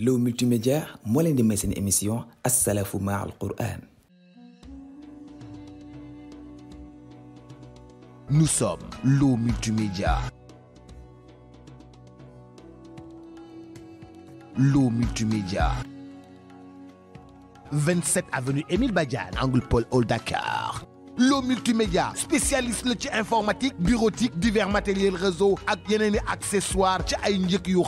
L'eau multimédia moi l'un des émission assalafou Qur'an nous sommes l'eau multimédia l'eau multimédia 27 avenue Émile Badiane angle Paul Dakar L'eau multimédia spécialiste le informatique bureautique divers matériels réseau ak accessoires ci ay y yu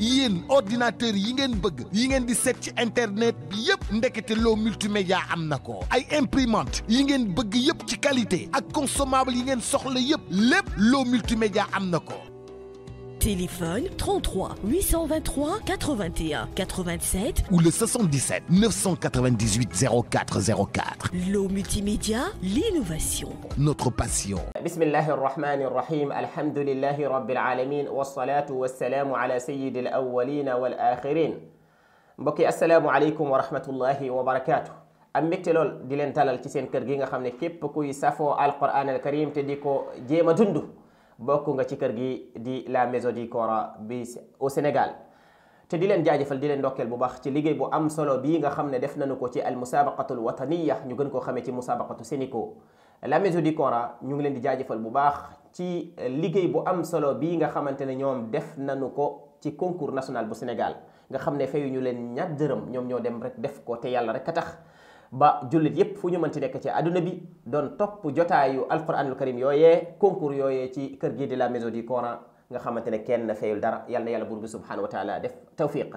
yéen ordinateur yi ngeen bëgg yi ngeen di seet ci internet bi yëpp ndekete loo multimédia am na ko ay imprimante yi ngeen bëgg yëpp ci qualité ak consommable yi ngeen soxla yëpp lépp loo multimédia am na ko Téléphone 33 823 81 87 ou le 77 998 04 04. L'eau multimédia, l'innovation. Notre passion. بسم الله الرحمن الرحيم الحمد لله رب العالمين والصلاة والسلام على سيد الأولين والآخرين mbokki asalaamualeykum wa rahmatullahi wa barakaatu am mbégte lool di leen talal ci seen kër gi nga xam ne képp kuy safoo alquran al karim te di ko jéem a bokk nga ci kër gi di la maison du Coran bi au Sénégal te di leen jaajëfal di leen ndokkeel bu baax ci liggéey bu am solo bii nga xam ne def nañu ko ci al musabaqatul wataniya ñu gën koo xamee ci musabaqatu Sénico la maison du Coran ñu ngi leen di bu baax ci liggéey bu am solo bii nga xamante ne ñoom def nañu ko ci concours national bu Sénégal nga xam ne fayuñu leen ñaar dërëm ñoom ñoo dem rek def ko te yàlla rek a tax ba jullit yépp fu ñu mënti nekk ci àdduna bi doon topp jotaayu alquranul karim yooyee concours yooyee ci kër gi di la maison du Coran nga xamante ne kenn fayul dara yal na yàlla buur bi subhanahu wa taala def tawfiq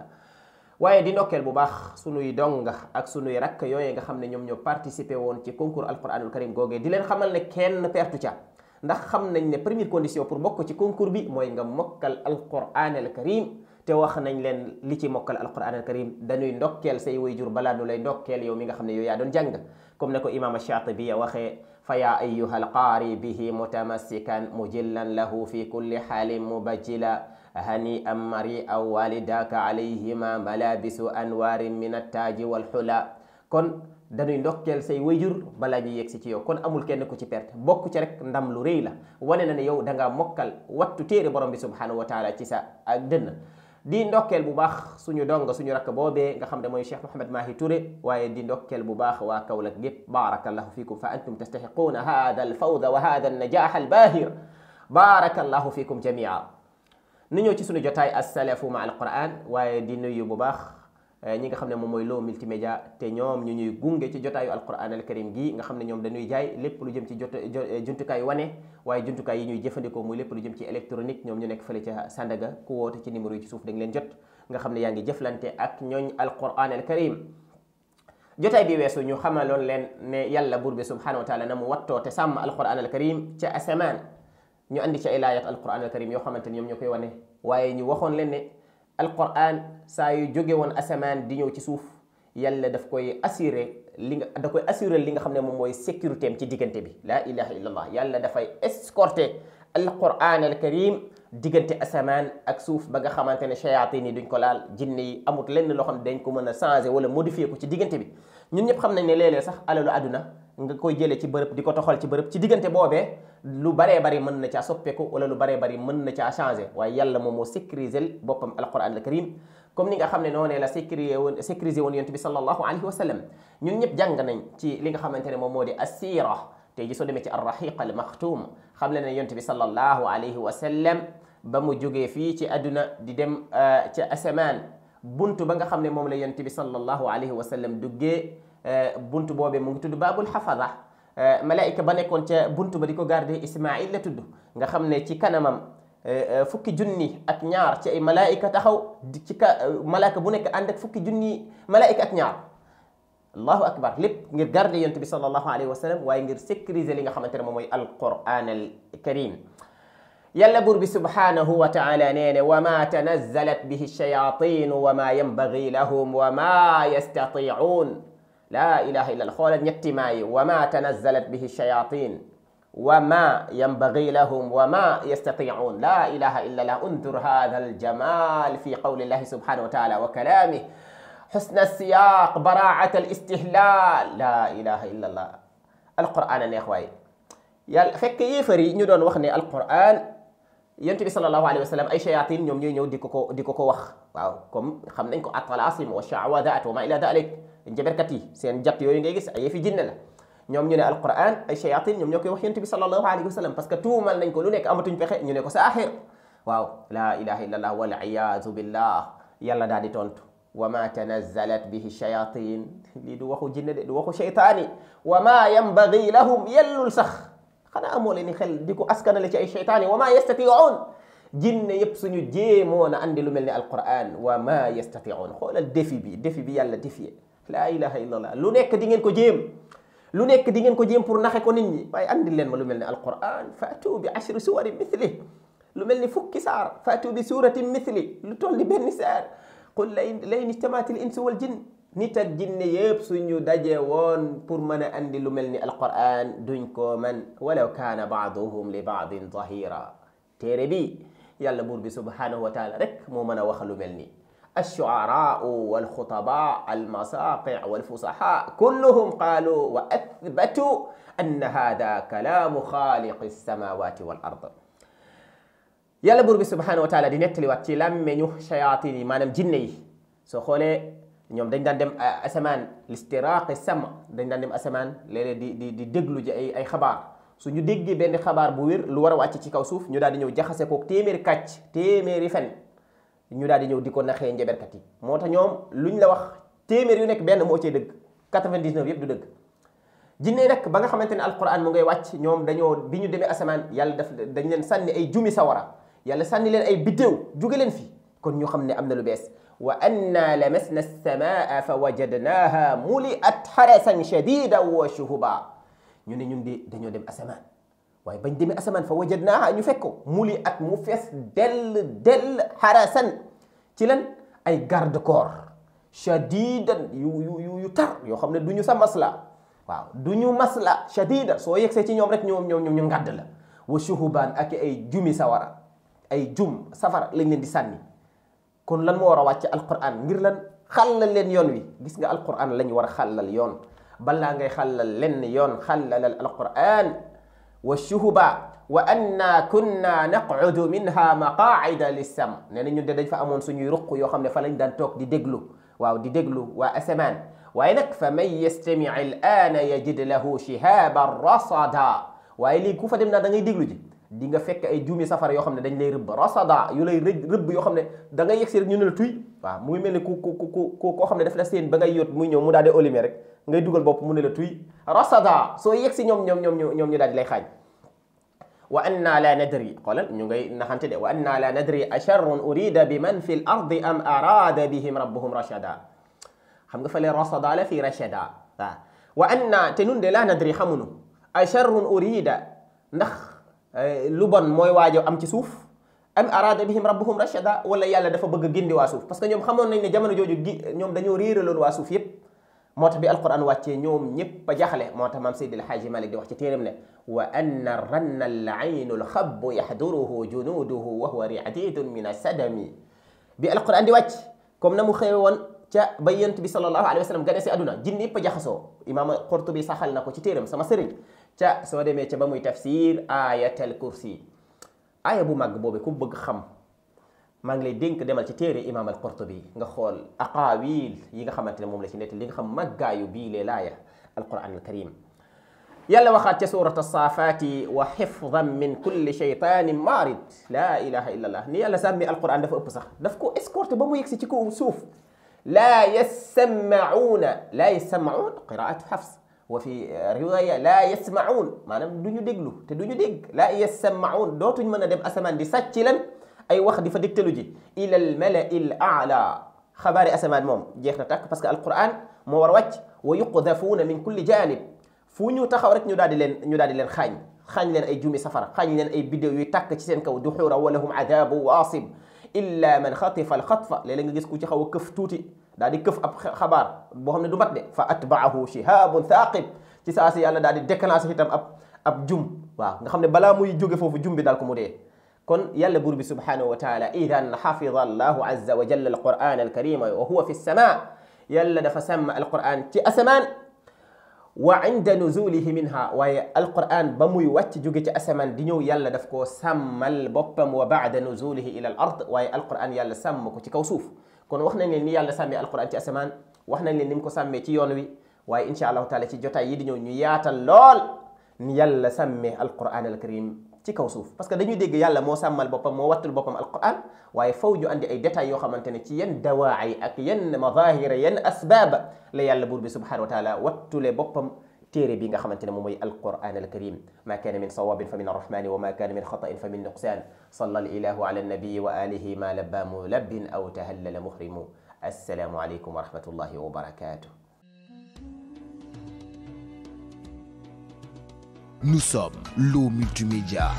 waaye di ndokkeel bu baax sunuy donga ak sunuy rakk yooyee nga xam ne ñoom ñoo participé woon ci concours alquranul karim googee di leen xamal ne kenn pertu ca ndax xam nañ ne première condition pour bokk ci concours bi mooy nga mokkal alquran al karim te wax nañ leen li ci mokkal alquran alkarim dañuy ndokkeel say wayjur bala nu lay ndokkeel yow mi nga xam ne yow yaa doon jàng comme ne ko imam Shaatibi waxee fa ya ayuha alqari bihi mutamassikan mujillan lahu fi kulli xaalin mubajila hani an mari aw walidaka alayhima malabisu anwaarin min attaaji walxula kon dañuy ndokkeel say wayjur balaa ñuy yegsi ci yow kon amul kenn ku ci perte bokk ci rek ndam lu rëy la wane na ne yow da ngaa mokkal wattu téere borom bi subhanahu wa taala ci sa ak dënn di ndokkeel bu baax suñu dong suñu rak bobé nga xamné moy cheikh mohammed mahi touré waye di ndokkeel bu baax wa kawlak gep barakallahu fikum fa antum tastahiquuna hada fawd wa hada al bahir barakallahu fikum jamia ni ñëw ci suñu jotay as salafu ma qur'an waye di nuyu bu baax Eh, ñi nga xam ne moom mooy Lo multimédia te ñoom ñu ñuy gunge ci jotaayu alquran al karim gi nga xam ne ñoom dañuy jaay lépp lu jëm ci jot eh, jumtukaay wane waaye jumtukaay yi ñuy jëfandikoo muy lépp lu jëm ci électronique ñoom ñu nekk fële ca Sandaga ku woote ci numéro yi nga xam ne yaa ngi jëflante ak ñooñ alquran al karim jotaay bi weesu ñu xamaloon leen ne yàlla buur bi subhanahu wa taala na mu wattoo te sàmm alquran al karim ca asamaan ñu andi ca ilaayat alquran al karim yoo xamante ne ñoom ñoo koy wane waaye ñu waxoon leen القران ساي جوغي وون اسمان دي نيو تي يالا داف اسيري ليغا داكوي اسيري ليغا خامني موم موي سيكوريتيم تي ديغنتي بي لا اله الا الله يالا دافاي اسكورتي القران الكريم diggante asamaan ak suuf ba nga xamante ne shayatin yi duñ ko laal jinne yi amut lenn loo xam dañ ko mën a changer wala modifier ko ci diggante bi ñun ñëpp xam nañ ne léeg-léeg sax alalu àdduna nga koy jëlee ci bërëb di ko toxal ci bërëb ci diggante boobee lu baree bari mën na caa soppeeku wala lu baree bari mën na caa changer waaye yàlla moom moo sécuriser boppam alquran al karim comme ni nga xam ne noonee la sécurisé woon sécurisé woon yonent bi sallallahu alayhi wa sallam ñun ñëpp jàng nañ ci li nga xamante ne moom moo di assira tey ji soo demee ci arraxiq al maxtuum xam le na yonent bi sallallahu alayhi wa sallam ba mu jógee fii ci àdduna di dem euh, ca asamaan buntu ba nga xam ne moom la yonent bi sallallahu alayhi wa sallam duggee euh, buntu boobe mu ngi tudd baabul xafada euh, malaayika ba nekkoon ca buntu ba di ko garde Ismail la tudd nga xam ne ci kanamam fukki junni ak ñaar ci ay malaayika taxaw ci ka malaaka bu nekk ànd ak fukki junni malaayika ak ñaar الله اكبر لب غير غار لي النبي صلى الله عليه وسلم واي غير سكري زي ليغا موي القران الكريم يلا بور سبحانه وتعالى نين وما تنزلت به الشياطين وما ينبغي لهم وما يستطيعون لا اله الا الخول نيتي ماي وما تنزلت به الشياطين وما ينبغي لهم وما يستطيعون لا اله الا الله انظر هذا الجمال في قول الله سبحانه وتعالى وكلامه حسن السياق براعة الاستهلال لا إله إلا الله القرآن يا إخوائي يا فك يفري نيدون وخني القرآن ينتبه صلى الله عليه وسلم أي شياطين يوم يوم ديكوكو ديكوكو وخ واو كم خمنك أطلاسم وشعوذات وما إلى ذلك جبركتي سين جبت يوين جيس أي في جنة ñom ñu né alquran ay shayatin ñom ñokay wax yentibi sallallahu alayhi wasallam parce que tout mal nañ ko lu nek amatuñ fexé ñu né ko sa akhir waaw la ilaha illallah wal a'yazu billah yalla daal di tontu وما تنزلت به الشياطين لي دو واخو جن دي دو واخو شيطاني وما ينبغي لهم يل الصخ خنا امول ني خل ديكو اسكن لا شيطاني وما يستطيعون جن يب يجيمون جيمون اندي لو القران وما يستطيعون خول الدفي بي الدفي بي يالا دفي لا اله الا الله لونيك نيك دي نين كو جيم لو نيك دي نين كو جيم بور ناخي كو نيت ني اندي لين لو ملني القران فاتوا بعشر سور مثله لو ملني فكي سار فاتوا بسوره مثله لو تولي بن سار قل لين اجتمعت الانس والجن نيت الجن ييب سنيو داجي وون بور مانا اندي لوملني القران دون كومن ولو كان بعضهم لبعض ظهيرا تيربي يلا بور سبحانه وتعالى رك مو مانا وخلو ملني الشعراء والخطباء المساقع والفصحاء كلهم قالوا واثبتوا ان هذا كلام خالق السماوات والارض yàlla buur subhanahu wa taala di nettaliwaat ci làmmeñu shayatin yi maanaam jinne yi soo xoolee ñoom dañ daan dem asamaan listiraaqi sam dañ daan dem asamaan léeg-léeg di di di déglu ji ay ay xabaar su ñu déggee ben xabaar bu wér lu war a wàcc ci kaw suuf ñu daal di ñëw jaxase kook téeméeri kàcc téeméeri fen ñu daal di ñëw di ko naxee njaberkat yi moo tax luñ la wax téeméer yu nekk benn moo cee dëgg 99 yëpp du dëgg jinne nag ba nga xamante alquran mu ngay wàcc ñoom dañoo bi ñu demee yàlla daf dañ leen sànni ay jumi sawara yàlla sànni leen ay biddéew jóge leen fi kon ñu xam ne am na lu bees wa anna lamasna as-samaa fa wajadnaha muli'at harasan shadidan wa shuhuba ñu ne ñun de dañoo dem asamaan waaye bañ demee asamaan fa wajadnaha ñu fekk ko muli'at mu fees dell dell harasan ci lan ay garde corps shadidan yu yu yu yoo xam ne du ñu sa waaw du ñu masla shadida soo yegsee ci ñoom rek ñoom ñoom ñu ngàdd la wa shuhubaan ak ay jumi sawara ay jum safar lañ leen di sànni kon lan moo war a wàcc alquran ngir lan xàllal leen yoon wi gis nga alquran lañ war a xàllal yoon balaa ngay xàllal lenn yoon xàllalal alquran wa shuhuba wa anna kunna naqudu minha maqaida lissam ne na ñun de dañ fa amoon suñuy ruq yoo xam ne fa lañ daan toog di déglu waaw di déglu waa asamaan waaye nag fa man yastami al aana yajid lahu shihaban rasada waaye lii ku fa dem na da ngay déglu ji di nga fekk ay juumi safara yoo xam ne dañ lay rëbb rasada yu lay rëbb yoo xam ne da ngay yegsi rek ñu ne la tuy waaw muy ngi mel ni ku ku ku ku koo xam ne daf la seen ba ngay yóot muy ñëw mu daal di olime rek ngay dugal bopp mu ne la tuy rasada soo yegsi ñoom ñoom ñoom ñoom ñu daal di lay xaaj wa anna la nadri xoolal ñu ngay naxante de wa anna la nadri acharrun urida bi man fi l ardi am arada bihim rabbuhum rashada xam nga fa le rasada la fi rashada waaw wa anna te nun de la nadri xamunu acharrun urida ndax Eh, lu bon mooy waajo am ci suuf am arada bihim rabbuhum rachada wala yàlla dafa bëgg gindi waa suuf parce que ñoom xamoon na ne jamono jooju gi ñoom dañoo réeraloon waa suuf yépp moo tax bi alquran wàccee ñoom ñépp a jaxle moo tax maam Seydi El Hadji di wax ci téeram ne wa anna ranna al-aynu al-xabbu yaxduruhu junuuduhu wa huwa riadidun min asadami bi alquran di wàcc comme na mu xëwe woon ca ba yent bi sallallahu alayhi wa sallam gane si àdduna jinne yépp a jaxasoo imaam Qurtubi na ko ci téeram sama sëriñ ca soo demee ca ba muy tafsir ayatal kursi aaya bu màgg boobu ku bëgg xam maa ngi lay dénk demal ci téere imam al qurtubi nga xool aqaawil yi nga xamante ne moom la ci nett li nga xam màggaayu bii lee laaya alquran al karim yàlla waxaat ca surat asaafaati wa xifdan min kulli sheytaanin maarid laa ilaha illa allah ni yàlla sàmmi alquran dafa ëpp sax daf ko escorté ba mu yegsi ci kaw suuf laa yassammauna laa yassammaun qiraatu xafs وفي روايه لا يسمعون ما دونيو ديغلو تي دونيو ديغ لا يسمعون دوتو من ديم اسمان دي ساتشي أي اي واخ دي فا ديكتلو جي الى الملئ الاعلى خبر اسمان مم جيخنا تاك باسكو القران مو وار ويقذفون من كل جانب فون تاخاو رك نيو دادي لن نيو دادي لن خاج خاج لن اي جومي سفر خان لن اي بدو يي تاك سي سين ولهم عذاب واصب الا من خطف الخطفه لي لنجيسكو تي خاو كف توتي دادي كف اب خبر بو خامني دو مات فاتبعه شهاب ثاقب تي ساسي يالا دادي ديكلاس هيتام اب اب جوم واغا خامني بلا موي جوغي فوفو جوم بي دالكو مودي كون يالا بور بي سبحانه وتعالى اذا حفظ الله عز وجل القران الكريم وهو في السماء يالا دا فسم القران تي اسمان وعند نزوله منها واي القران بموي واتي جوغي تي اسمان دي نيو يالا دافكو وبعد نزوله الى الارض واي القران يالا سمكو تي kon wax nañ leen ni yàlla sàmmee alquran ci asamaan wax nañ leen ni mu ko sàmmee ci yoon wi waaye incha allahu taala ci jotaay yi di ñëw ñu yaatal lool ni yàlla sàmmee alquran al karim ci kaw suuf parce que dañuy dégg yàlla moo sàmmal boppam moo wattul boppam alquran waaye faw ñu andi ay détails yoo xamante ne ci yan dawaay ak yan mazahira yan asbaab la yàlla buur bi subhanahu wa taala wattule boppam تيري بيغا خمانتنا مومي القرآن الكريم ما كان من صواب فمن الرحمن وما كان من خطأ فمن نقصان صلى الإله على النبي وآله ما لبى ملب أو تهلل مخرم السلام عليكم ورحمة الله وبركاته Nous sommes l'eau multimédia.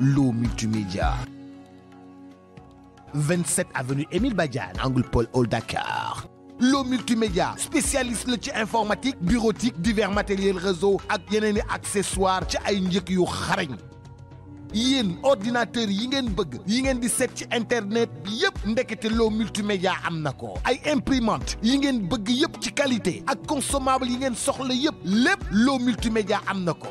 L'eau 27 avenue Émile Badian, Angle Paul Hall Dakar. loo multimédia spécialiste la ci informatique bureautique divers matériel réseau ak yeneen i accessoire ci ay njëkk yu xarañ yéen ordinateur yi ngeen bëgg yi ngeen di set ci internet bi yëpp ndekete loo multimédia am na ko ay imprimante yi ngeen bëgg yëpp ci qualité ak consommable yi ngeen soxla yëpp lépp loo multimédia am na ko